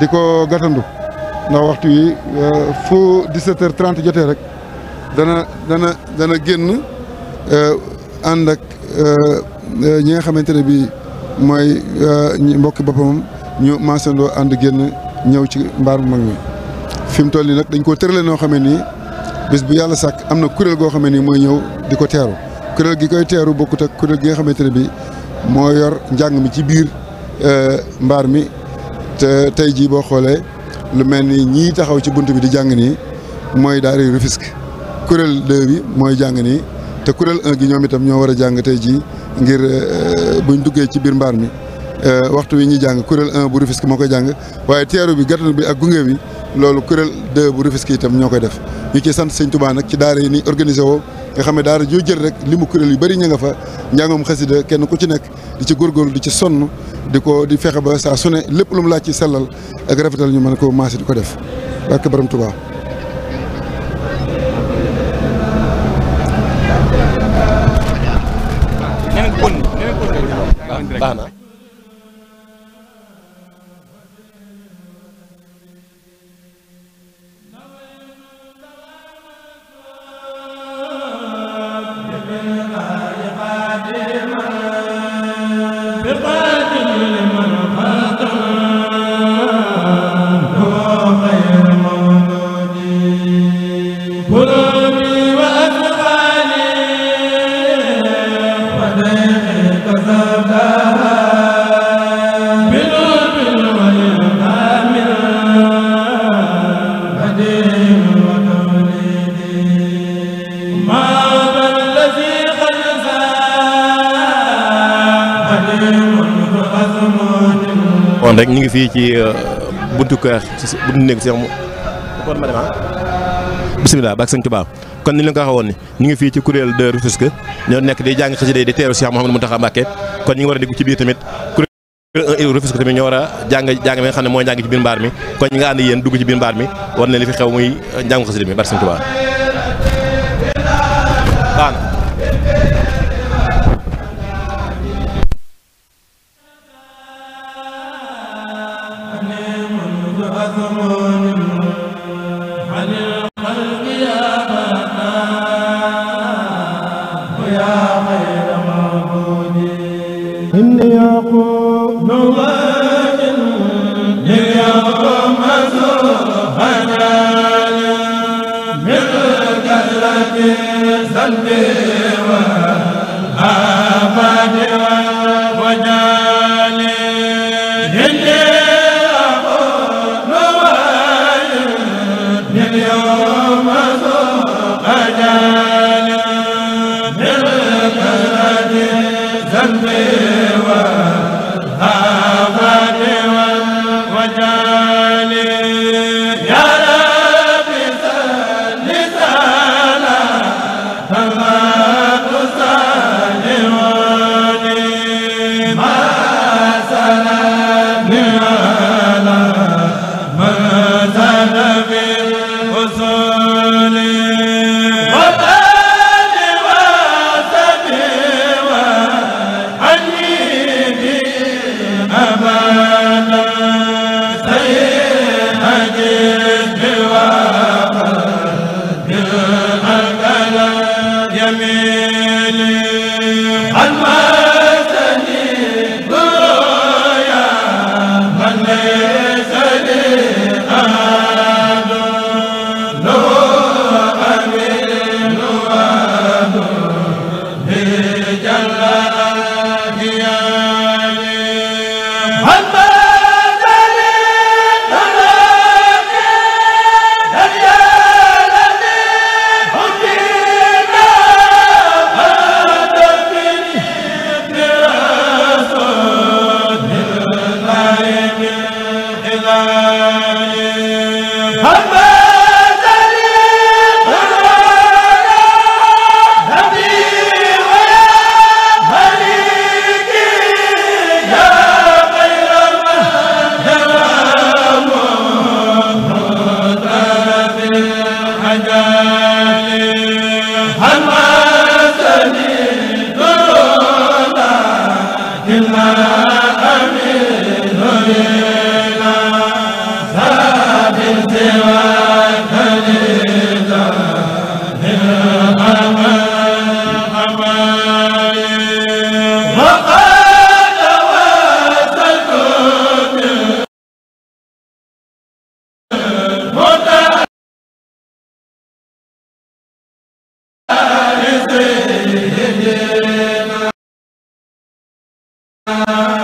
di ko gàttandu ndax waxtu yi euh, fu 17 heures 30 jotee rek dana dana dana génn euh, ànd ak euh, ñi nga xamante ne bii mooy mbokki boppamam ñu maasandoo ànd génn ñëw ci mbaar mu mag mi. fi mu toll nii nag dañ koo tërale noo xamee nii bis bu yàlla sàkk am na kuréel goo xamee nii mooy ñëw di ko teeru kuréel gi koy teeru bokkut ak kuréel gi nga xamante ne bii moo yor njàng mi ci biir mbaar mi. te tey jii boo xoolee lu mel ni ñii taxaw ci bunt bi di jàng nii mooy daara yu Rufisque kuréel bi mooy jàng nii te kuréel 1 gi ñoom itam ñoo war a jàng tey jii ngir euh, buñ duggee ci biir mbaar mi euh, waxtu wi ñuy jàng kuréel 1 bu Rufisque moo koy jàng waaye teeru bi gàttal bi ak gunge bi loolu kuréel 2 bu Rufisque itam ñoo koy def ñu ci sant sëñ Tuubaa nag ci daara yi ni organisé woo nga xam ne daara joo jël rek li mu kuréel yu bëri ña nga fa njàngam xasida kenn ku ci nekk di ci góorgóorlu di ci sonn di ko di fexe ba saa su ne lépp lu mu laaj ci sellal ak rafetal ñu mën ko maasi di ko def ak baram Tuubaa kon rek mu ngi fii ci euh, buntu kër buntu néeg Seex mu kon ma dem ah bisimilah baak sëñ kon ni ñu la ko woon ni ñu ngi fii ci kuréel de Rufisque ñoo nekk di jàng xasida yi di teeru Seex Muhammadu Muntaxa Mbàkke kon ñu ngi war a dégg ci biir tamit heure Rufisque tamit ñoo war a jàng jàng mi nga xam ne mooy njàng ci biir mbaar mi kon nga ànd yéen dugg ci biir mbaar mi war na li fi xew muy njàngu xasida mi barke Sëñ Tuubaa a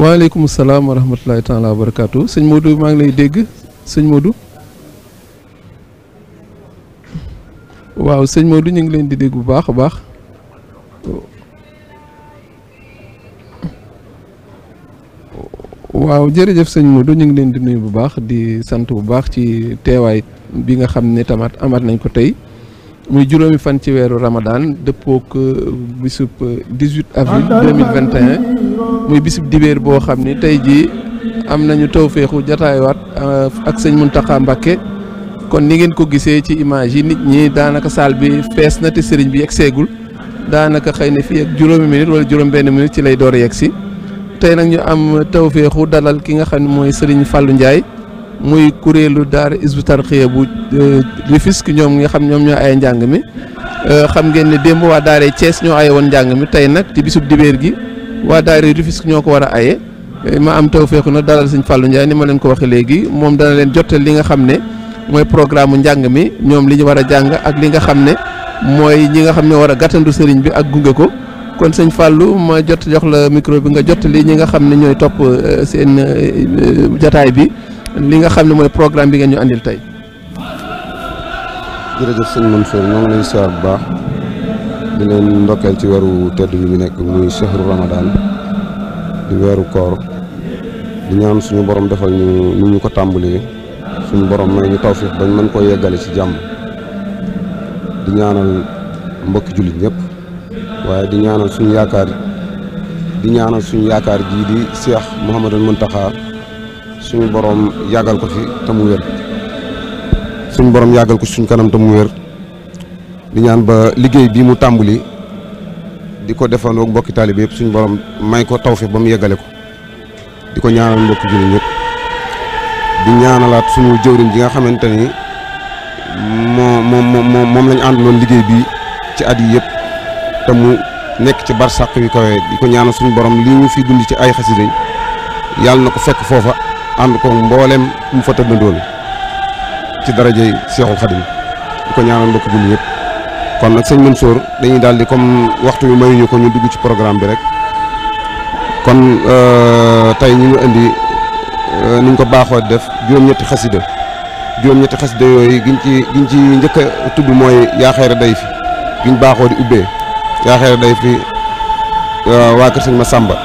waaleykum salaam wa rahmatulahi taala wa barakaatu sëñ Modou maa ngi lay dégg sëñ Modou. waaw sëñ Modou ñu ngi leen di dégg bu baax a baax. waaw jërëjëf sëñ Modou ñu ngi leen di nuyu bu baax di sant bu baax ci teewaay bi nga xam ne tamaat amaat nañ ko tey. muy juróomi fan ci weeru Ramadan dëppook euh, bisub 18 euh, avril 2021 ah, muy bisub dibéer boo xam ni tey jii am nañu tawféexu jataayaat euh, ak sëñ Mountakha Mbacké kon ni ngeen ko gisee ci image yi nit ñi daanaka salle bi fees na te sëriñ bi yegg seegul daanaka xëy na fii ak juróomi minute wala juróom benn minute ci lay door yegg si tey nag ñu am tawféexu dalal ki nga xam ne mooy sëriñ Fallou Ndiaye muy kuréelu daara Hizbut Tarqiyyah bu Rufisque euh, ñoom nga xam ñoom ñoo ay njàng mi euh, xam ngeen ne démb waa daara Thiès ñoo aye woon njàng mi tey nag ci bisub dibéer gi waa daara Rufisque ñoo ko war a aye euh, ma am tawféexu na dalal sëñ fàllu Ndiaye ni ma leen ko waxee léegi moom dana leen jottal li nga xam ne mooy programme njàng mi ñoom li ñu war a jàng ak li nga xam ne mooy ñi nga xam ne war a gàttandu sëriñ bi ak gunge ko kon sëñ Fallou ma jot jox la micro bi nga jot li ñi nga xam ne ñooy topp seen jataay bi li nga xam ne mooy programme bi ngeen ñu andil tey. jërëjëf sëñ Mansour ñoo ngi lay siyaar bu baax di leen ndokkeel ci weeru tedd bi ñu nekk muy shahru Ramadan di weeru koor di ñaan suñu borom defal ñu ni ñu ko tàmbalee suñu borom may ñu tawfiq bañ mën koo yeggale ci jàmm di ñaanal mbokki jullit ñëpp waaye di ñaanal suñu yaakaar di ñaanal suñu yaakaar jii di Cheikh Mouhamadul Mountakha. suñu borom yàggal ko fi te mu wér suñu borom yàggal ko suñ kanam te mu wér di ñaan ba liggéey bii mu tàmbali di ko defandoo mbokki taalibe yëpp suñu borom may ko tawfeex ba mu yeggale ko di ko ñaanal mbokki jullit ñëpp di ñaanalaat suñu jëwriñ ji nga xamante ni moom lañ àndaloon liggéey bi ci at yi yëpp te mu nekk ci barsàq yu kawe di ko ñaanal suñu borom lii ñu fi dund ci ay xasida yàlla na ko fekk foofa ànd ko mboolem mu fa tëddandool ci darajey Seexul Xadim di ko ñaanal mbokk jullit yëpp kon nag sëñ Mansour dañuy daal di comme waxtu bi mayuñu ko ñu dugg ci programme bi rek kon euh, tey ñu ngi indi euh, nuñ ko baaxoo di def juróom-ñetti xasida juróom-ñetti xasida yooyu giñ ci giñ ci njëkk a tudd mooy yaa day fi giñ baaxoo di ubbee yaa day fi euh, waa kër sëñ Masamba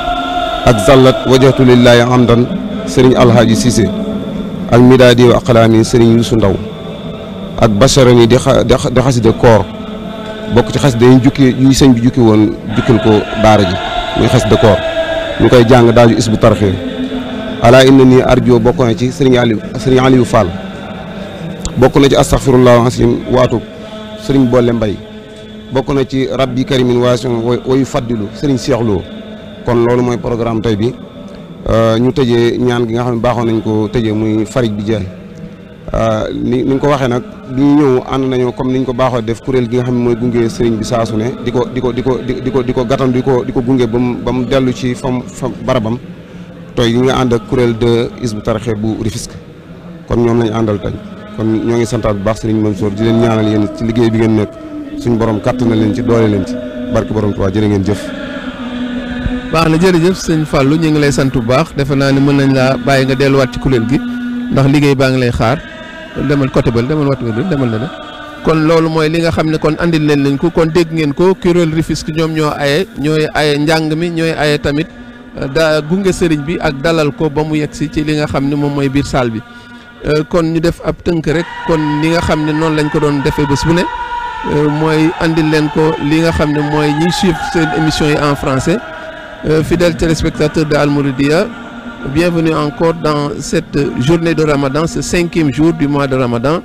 ak zallat wajhatu lillahi hamdan sëriñ alxaaji Cissé ak midaadi wa aqlaami sëriñ Yuusu Ndaw ak bachara mi di di xaside koor bokk ci xaside yi jukki yu sëñ bi jukki woon jukkil ko daara ji muy xaside koor ñu koy jàng daaju isbu tarxee alaa inna nii arjo bokk na ci sëriñ Aliou sëriñ Aliou bokk na ci astaxfirullaahu asiim waatu sëriñ boole Mbay bokk na ci rabbi karimin waasion wayu faddilu sëriñ Seex Lo kon loolu mooy programme tey bi Euh, ñu tëjee ñaan gi nga xam ne baaxoon nañ ko tëjee muy farij bi jaay euh, ni nu nga ko waxee nag du ñu ñëw ànd nañoo comme niñ ko baaxoo def kuréel gi nga xam ne mooy gunge sëriñ bi saasu ne di ko di ko di ko di di ko gàttan di ko di ko gunge ba mu ba mu dellu ci fam fam barabam tey ñu ngi ànd ak kuréel de Hizbut Tarqiyyah bu Rufisque kon ñoom lañu àndal tey kon ñoo ngi santaat bu baax sëriñ Mansour di leen ñaanal yéen ci liggéey bi ngeen nekk suñu borom kàtt na leen ci doole leen ci barke borom Tuubaa jërë ngeen jëf baax na jërëjëf sëñ Fallou ñu ngi lay sant bu baax defe naa ne mën nañ laa bàyyi nga delluwaat ci kuréel gi ndax liggéey baa ngi lay xaar demal côté bal demal wattu bi demal na la kon loolu mooy li nga xam ne kon andil leen lañ ko kon dégg ngeen ko kuréel Rufisque ñoom ñoo aye ñooy aye njàng ñooy aye tamit euh, da gunge sëriñ bi ak dalal ko ba mu yegg si ci li nga xam ne moom mooy biir salle bi euh, kon ñu def ab tënk rek kon li nga xam ne noonu lañ ko doon defee bés bu ne euh, mooy andil leen ko li nga xam ne mooy ñiy suivre seen émission yi en français Euh, fidèles téléspectateurs de Al Mouridiyyah bienvenue encore dans cette journée de Ramadan ce cinquième jour du mois de Ramadan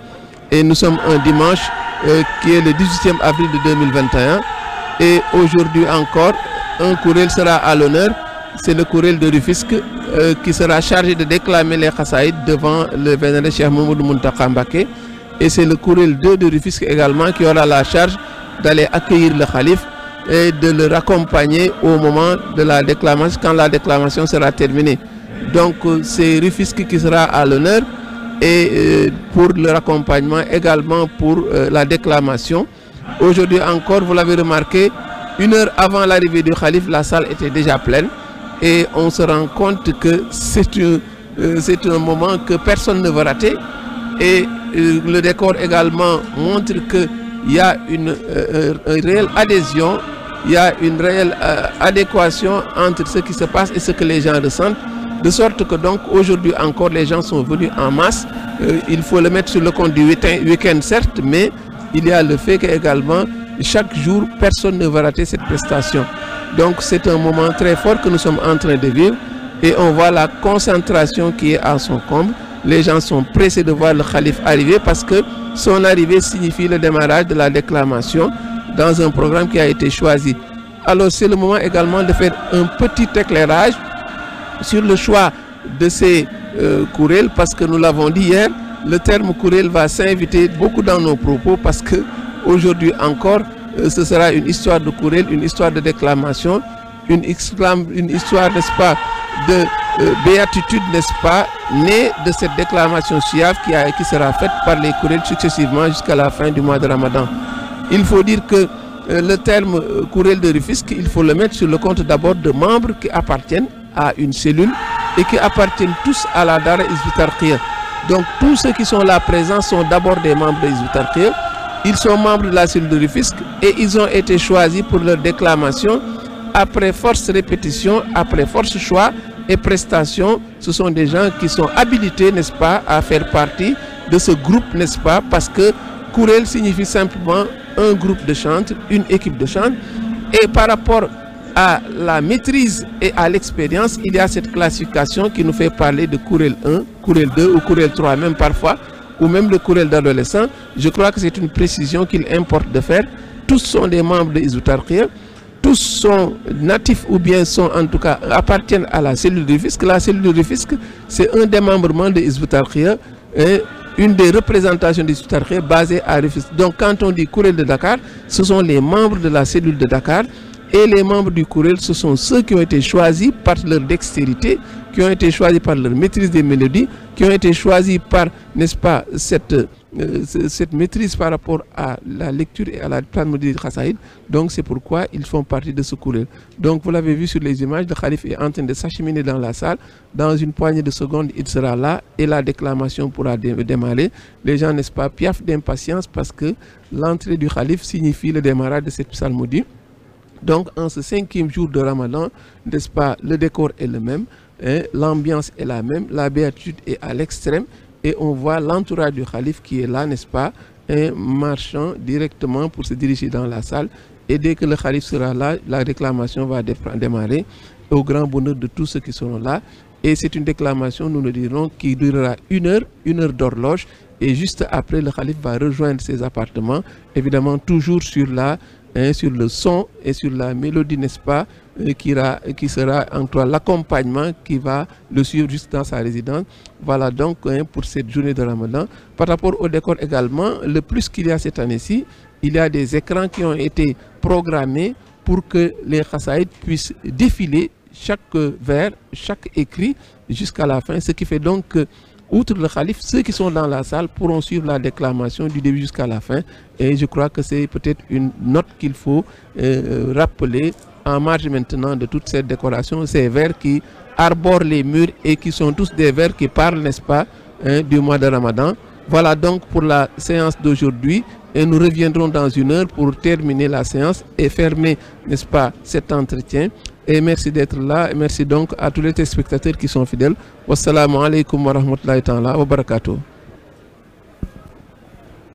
et nous sommes un dimanche euh, qui est le 18e avril de 2021 et aujourd'hui encore un kuréel sera à l'honneur c'est le kuréel de Rufisque euh, qui sera chargé de déclamer les khassaïd devant le vénéré Cheikh Mamadou Mountakha Mbacké et c'est le kuréel 2 de Rufisque également qui aura la charge d'aller accueillir le khalife et de le raccompagner moment de la déclamation, quand la déclamation sera terminée. Donc euh, c'est Rufisque qui sera à l'honneur et euh, pour le raccompagnement également pour euh, la déclamation. Aujourd'hui encore, vous l'avez remarqué, une heure avant l'arrivée du calife, la salle était déjà pleine et on se rend compte que c'est un, un moment que personne ne veut rater et le décor également montre qu'il y a une, une réelle adhésion il y a une réelle euh, adéquation entre ce qui se passe et ce que les gens ressentent. De sorte que donc aujourd'hui encore les gens sont venus en masse. Euh, il faut le mettre sur le compte du week-end certes, mais il y a le fait qu'également chaque jour personne ne va rater cette prestation. Donc c'est un moment très fort que nous sommes en train de vivre et on voit la concentration qui est à son comble. Les gens sont pressés de voir le khalife arriver parce que son arrivée signifie le démarrage de la déclamation. dans un programme qui a été choisi. Alors c'est le moment également de faire un petit éclairage sur le choix de ces euh, parce que nous l'avons dit hier, le terme courriel va s'inviter beaucoup dans nos propos parce que aujourd'hui encore, euh, ce sera une histoire de courriel, une histoire de déclamation, une, exclam, une histoire, n'est-ce pas, de euh, béatitude, n'est-ce pas, née de cette déclamation suave qui, a, qui sera faite par les courriels successivement jusqu'à la fin du mois de Ramadan. il faut dire que euh, le terme kuréel euh, de Rufisque il faut le mettre sur le compte d'abord de membres qui appartiennent à une cellule et qui appartiennent tous à la Daara Hizbut Tarqiyyah donc tous ceux qui sont là présents sont d'abord des membres de Hizbut Tarqiyyah ils sont membres de la cellule de Rufisque et ils ont été choisis pour leur déclamation après force répétition après force choix et prestation ce sont des gens qui sont habilités n'est-ce pas à faire partie de ce groupe nest pas parce que kuréel signifie simplement un groupe de chantre, une équipe de chantre. Et par rapport à la maîtrise et à l'expérience, il y a cette classification qui nous fait parler de Courel 1, Courel 2 ou Courel 3 même parfois, ou même le Courel d'adolescent. Je crois que c'est une précision qu'il importe de faire. Tous sont des membres de Isoutarkia, tous sont natifs ou bien sont en tout cas appartiennent à la cellule de fisc. La cellule de fisc, c'est un démembrement de Isoutarkia. une des représentations des Hizbut-Tarqiyyah basée à Rufisque. Donc quand on dit kuréel de Dakar, ce sont les membres de la cellule de Dakar et les membres du kuréel ce sont ceux qui ont été choisis par leur dextérité qui ont été choisis par leur maîtrise des mélodies qui ont été choisis par n'est-ce pas cette euh, cette maîtrise par rapport à la lecture et à la plasmodie de Khassaïd donc c'est pourquoi ils font partie de ce kuréel donc vous l'avez vu sur les images le khalife est en train de s'acheminer dans la salle dans une poignée de secondes il sera là et la déclamation pourra dé démarrer les gens n'est-ce pas piaffent d'impatience parce que l'entrée du khalife signifie le démarrage de cette psalmodie Donc, en ce cinquième jour de Ramadan, n'est-ce pas, le décor est le même, hein, l'ambiance est la même, la béatitude est à l'extrême, et on voit l'entourage du calife qui est là, n'est-ce pas, hein, marchant directement pour se diriger dans la salle. Et dès que le calife sera là, la réclamation va démarrer au grand bonheur de tous ceux qui seront là. Et c'est une déclamation, nous le dirons, qui durera une heure, d'horloge. Et juste après, le calife va rejoindre ses appartements, évidemment toujours sur la hein, sur le son et sur la mélodie, n'est-ce pas, euh, qui, ra, qui, sera entre l'accompagnement qui va le suivre juste dans sa résidence. Voilà donc hein, pour cette journée de Ramadan. Par rapport au décor également, le plus qu'il y a cette année-ci, il y a des écrans qui ont été programmés pour que les Khassaïd puissent défiler chaque vers, chaque écrit jusqu'à la fin, ce qui fait donc que outre le calife, ceux qui sont dans la salle pourront suivre la déclamation du début jusqu'à la fin. Et je crois que c'est peut-être une note qu'il faut euh, euh rappeler en marge maintenant de toute cette décoration. Ces vers qui arborent les murs et qui sont tous des vers qui parlent, n'est-ce pas, hein, du mois de Ramadan. Voilà donc pour la séance d'aujourd'hui et nous reviendrons dans une heure pour terminer la séance et fermer, n'est-ce pas, cet entretien. Et merci d'être là. Et merci donc à tous les téléspectateurs qui sont fidèles. Wassalamu alaikum wa rahmatullahi wa barakatuh.